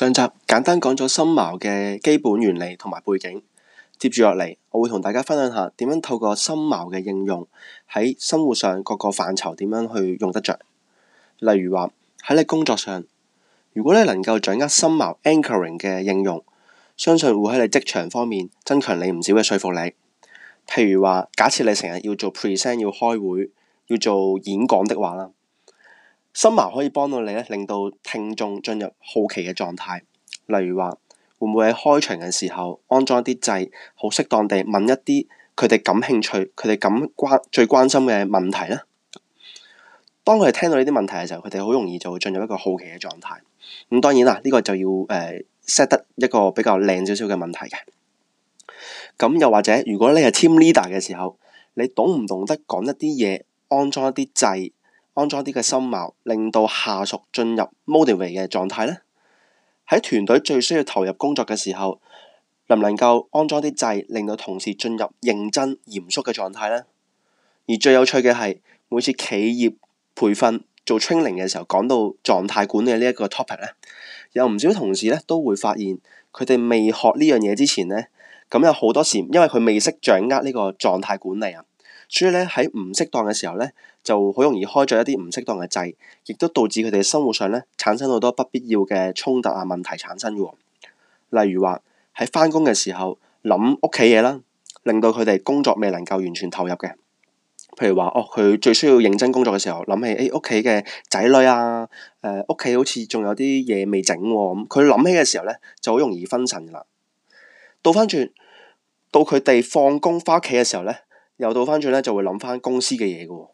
上集簡單講咗心錨嘅基本原理同埋背景，接住落嚟我會同大家分享下點樣透過心錨嘅應用喺生活上各個範疇點樣去用得着。例如話喺你工作上，如果你能夠掌握心錨 anchoring 嘅應用，相信會喺你職場方面增強你唔少嘅說服力。譬如話，假設你成日要做 present 要開會要做演講的話啦。森埋可以幫到你咧，令到聽眾進入好奇嘅狀態。例如話，會唔會喺開場嘅時候安裝一啲掣，好適當地問一啲佢哋感興趣、佢哋感關最關心嘅問題咧？當佢哋聽到呢啲問題嘅時候，佢哋好容易就會進入一個好奇嘅狀態。咁、嗯、當然啦，呢、呢個就要誒 set 得一個比較靚少少嘅問題嘅。咁、嗯、又或者，如果你係 team leader 嘅時候，你懂唔懂得講一啲嘢，安裝一啲掣？安裝啲嘅心錨，令到下屬進入 motivate 嘅狀態呢，喺團隊最需要投入工作嘅時候，能唔能夠安裝啲掣令到同事進入認真嚴肅嘅狀態呢？而最有趣嘅係，每次企業培訓做 training 嘅時候，講到狀態管理呢一個 topic 呢，有唔少同事咧，都會發現，佢哋未學呢樣嘢之前呢，咁有好多時，因為佢未識掌握呢個狀態管理啊。所以咧，喺唔適當嘅時候咧，就好容易開咗一啲唔適當嘅掣，亦都導致佢哋生活上咧產生好多不必要嘅衝突啊，問題產生嘅喎。例如話喺翻工嘅時候諗屋企嘢啦，令到佢哋工作未能夠完全投入嘅。譬如話哦，佢最需要認真工作嘅時候諗起誒屋企嘅仔女啊，誒屋企好似仲有啲嘢未整喎、啊、咁，佢、嗯、諗起嘅時候咧就好容易分神啦。倒翻轉到佢哋放工翻屋企嘅時候咧。又到返轉咧，就會諗返公司嘅嘢嘅，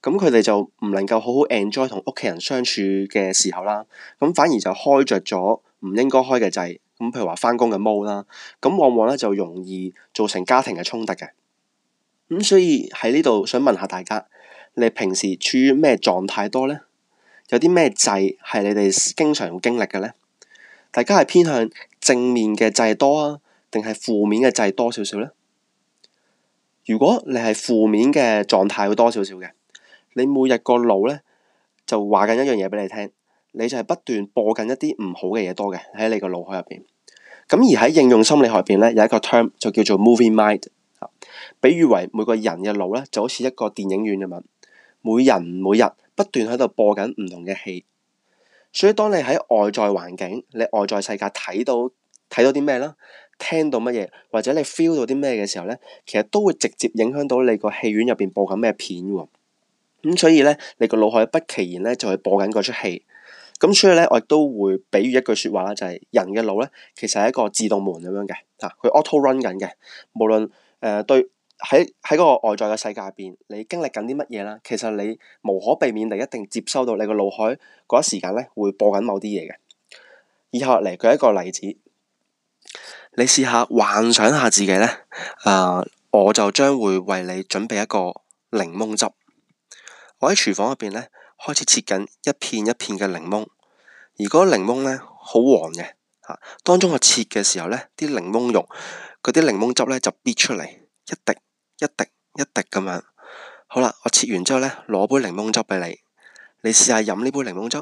咁佢哋就唔能夠好好 enjoy 同屋企人相處嘅時候啦，咁反而就開着咗唔應該開嘅掣，咁譬如話返工嘅毛啦，咁往往咧就容易造成家庭嘅衝突嘅，咁所以喺呢度想問下大家，你平時處於咩狀態多呢？有啲咩掣係你哋經常經歷嘅呢？大家係偏向正面嘅掣多啊，定係負面嘅掣多少少呢？如果你係負面嘅狀態會多少少嘅，你每日個腦咧就話緊一樣嘢俾你聽，你就係不斷播緊一啲唔好嘅嘢多嘅喺你個腦海入邊。咁而喺應用心理學入邊咧有一個 term 就叫做 movie mind，啊，比喻為每個人嘅腦咧就好似一個電影院咁樣，每人每日不斷喺度播緊唔同嘅戲。所以當你喺外在環境、你外在世界睇到睇到啲咩啦？聽到乜嘢，或者你 feel 到啲咩嘅時候呢，其實都會直接影響到你個戲院入邊播緊咩片嘅。咁、嗯、所以呢，你個腦海不期然呢就係播緊嗰出戲。咁所以呢，我亦都會比喻一句說話啦，就係、是、人嘅腦呢，其實係一個自動門咁樣嘅，吓佢 auto run 緊嘅。無論誒、呃、對喺喺嗰個外在嘅世界入邊，你經歷緊啲乜嘢啦，其實你無可避免地一定接收到你腦個腦海嗰一時間呢會播緊某啲嘢嘅。以下嚟舉一個例子。你試下幻想下自己咧，啊、呃，我就將會為你準備一個檸檬汁。我喺廚房入邊咧，開始切緊一片一片嘅檸檬。而嗰檸檬咧，好黃嘅。啊，當中我切嘅時候咧，啲檸檬肉，嗰啲檸檬汁咧就咇出嚟，一滴、一滴、一滴咁樣。好啦，我切完之後咧，攞杯檸檬汁俾你。你試下飲呢杯檸檬汁，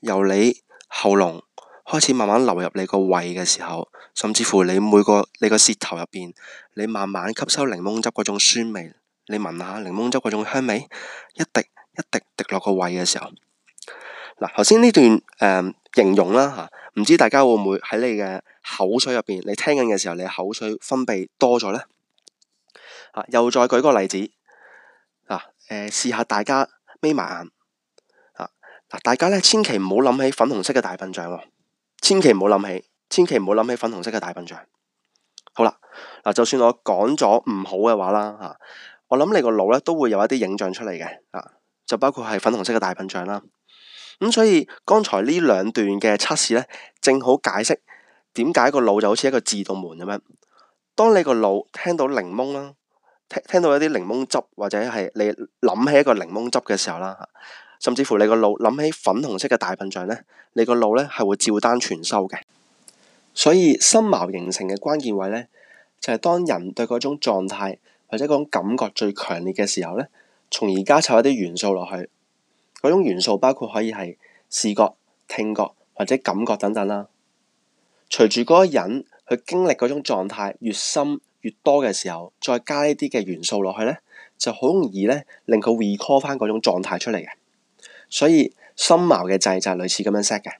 由你喉嚨，開始慢慢流入你個胃嘅時候，甚至乎你每個你個舌頭入邊，你慢慢吸收檸檬汁嗰種酸味，你聞下檸檬汁嗰種香味，一滴一滴滴落個胃嘅時候，嗱，頭先呢段誒形容啦，吓，唔知大家會唔會喺你嘅口水入邊，你聽緊嘅時候，你口水分泌多咗咧？啊，又再舉個例子，啊，誒，試下大家眯埋眼，啊，嗱，大家咧千祈唔好諗起粉紅色嘅大笨象。千祈唔好諗起，千祈唔好諗起粉紅色嘅大笨象。好啦，嗱，就算我講咗唔好嘅話啦，吓，我諗你個腦咧都會有一啲影像出嚟嘅，啊，就包括係粉紅色嘅大笨象啦。咁所以剛才呢兩段嘅測試咧，正好解釋點解個腦就好似一個自動門咁樣。當你個腦聽到檸檬啦，聽聽到一啲檸檬汁或者係你諗起一個檸檬汁嘅時候啦。甚至乎你個腦諗起粉紅色嘅大笨象咧，你個腦咧係會照單全收嘅。所以心錨形成嘅關鍵位咧，就係、是、當人對嗰種狀態或者嗰種感覺最強烈嘅時候咧，從而加湊一啲元素落去嗰種元素，包括可以係視覺、聽覺或者感覺等等啦。隨住嗰個人去經歷嗰種狀態越深越多嘅時候，再加一啲嘅元素落去咧，就好容易咧令佢 recall 翻嗰種狀態出嚟嘅。所以心毛嘅掣就係類似咁樣 set 嘅。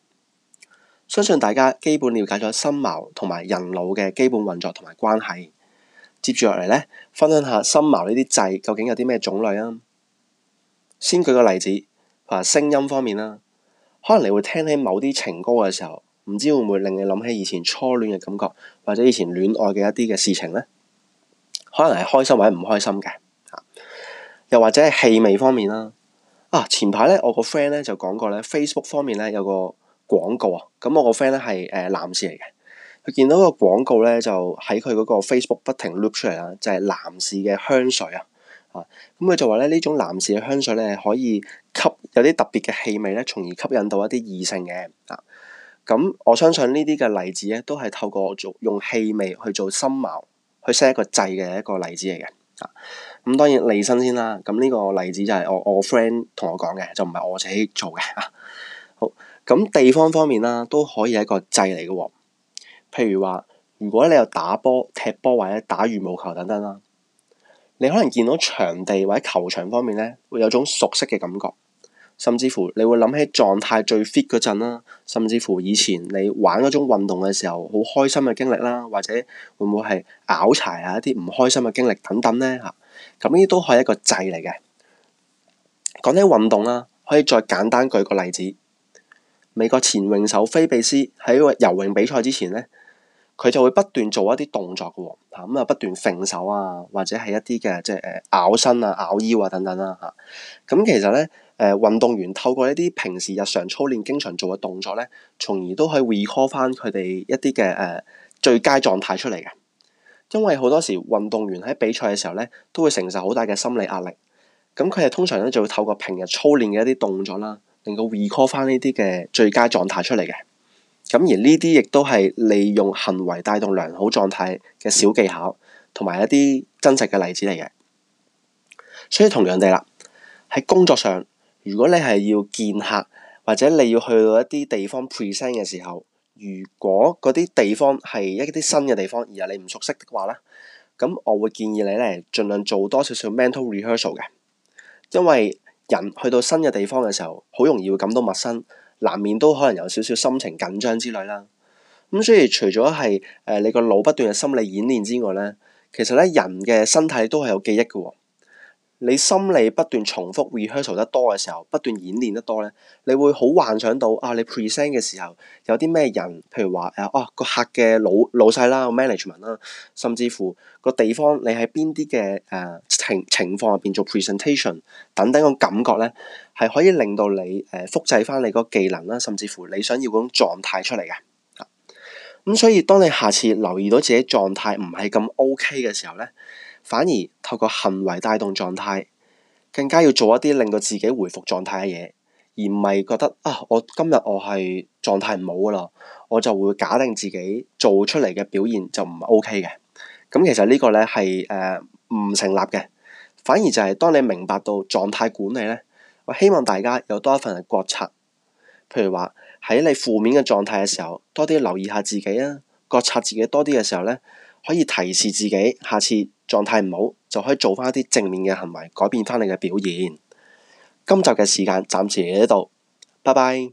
相信大家基本了解咗心毛同埋人腦嘅基本運作同埋關係。接住落嚟咧，分享下心毛呢啲掣究竟有啲咩種類啊？先舉個例子，話聲音方面啦，可能你會聽起某啲情歌嘅時候，唔知會唔會令你諗起以前初戀嘅感覺，或者以前戀愛嘅一啲嘅事情咧？可能係開心或者唔開心嘅，又或者係氣味方面啦。啊！前排咧，我個 friend 咧就講過咧，Facebook 方面咧有個廣告啊。咁我個 friend 咧係誒男士嚟嘅，佢見到個廣告咧就喺佢嗰個 Facebook 不停碌出嚟啦，就係、是、男士嘅香水啊。啊，咁佢就話咧呢種男士嘅香水咧可以吸有啲特別嘅氣味咧，從而吸引到一啲異性嘅啊。咁我相信呢啲嘅例子咧都係透過做用氣味去做心錨去 set 一個掣嘅一個例子嚟嘅啊。咁當然利身先啦。咁呢個例子就係我我 friend 同我講嘅，就唔係我自己做嘅嚇。好，咁地方方面啦，都可以係一個掣嚟㗎喎。譬如話，如果你有打波、踢波或者打羽毛球等等啦，你可能見到場地或者球場方面咧，會有種熟悉嘅感覺，甚至乎你會諗起狀態最 fit 嗰陣啦，甚至乎以前你玩嗰種運動嘅時候好開心嘅經歷啦，或者會唔會係拗柴啊一啲唔開心嘅經歷等等咧嚇。咁呢啲都係一個掣嚟嘅。講起運動啦，可以再簡單舉個例子。美國前泳手菲比斯喺游泳比賽之前咧，佢就會不斷做一啲動作嘅，吓，咁啊不斷揈手啊，或者係一啲嘅即係誒咬身啊、咬腰啊等等啦吓。咁其實咧，誒、呃、運動員透過一啲平時日常操練經常做嘅動作咧，從而都可以 recall 翻佢哋一啲嘅誒最佳狀態出嚟嘅。因為好多時運動員喺比賽嘅時候咧，都會承受好大嘅心理壓力。咁佢哋通常咧就會透過平日操練嘅一啲動作啦，令到 recall 翻呢啲嘅最佳狀態出嚟嘅。咁而呢啲亦都係利用行為帶動良好狀態嘅小技巧，同埋一啲真實嘅例子嚟嘅。所以同樣地啦，喺工作上，如果你係要見客或者你要去到一啲地方 present 嘅時候。如果嗰啲地方係一啲新嘅地方，而係你唔熟悉嘅話咧，咁我會建議你咧，盡量做多少少 mental rehearsal 嘅，因為人去到新嘅地方嘅時候，好容易會感到陌生，難免都可能有少少心情緊張之類啦。咁所以除咗係誒你個腦不斷嘅心理演練之外咧，其實咧人嘅身體都係有記憶嘅喎、哦。你心理不斷重複 rehearsal 得多嘅時候，不斷演練得多咧，你會好幻想到啊，你 present 嘅時候有啲咩人，譬如話誒，哦、啊、個客嘅老老細啦，management 啦，甚至乎個地方你喺邊啲嘅誒情情況入邊做 presentation 等等嗰種感覺咧，係可以令到你誒、呃、複製翻你個技能啦，甚至乎你想要嗰種狀態出嚟嘅。咁、啊嗯、所以當你下次留意到自己狀態唔係咁 OK 嘅時候咧，反而透過行為帶動狀態，更加要做一啲令到自己回復狀態嘅嘢，而唔係覺得啊，我今日我係狀態唔好啦，我就會假定自己做出嚟嘅表現就唔 ok 嘅。咁、嗯、其實呢個咧係誒唔成立嘅，反而就係當你明白到狀態管理咧，我希望大家有多一份嘅覺察，譬如話喺你負面嘅狀態嘅時候，多啲留意下自己啊，覺察自己多啲嘅時候咧。可以提示自己，下次狀態唔好，就可以做翻一啲正面嘅行為，改變翻你嘅表現。今集嘅時間暫時嚟呢度，拜拜。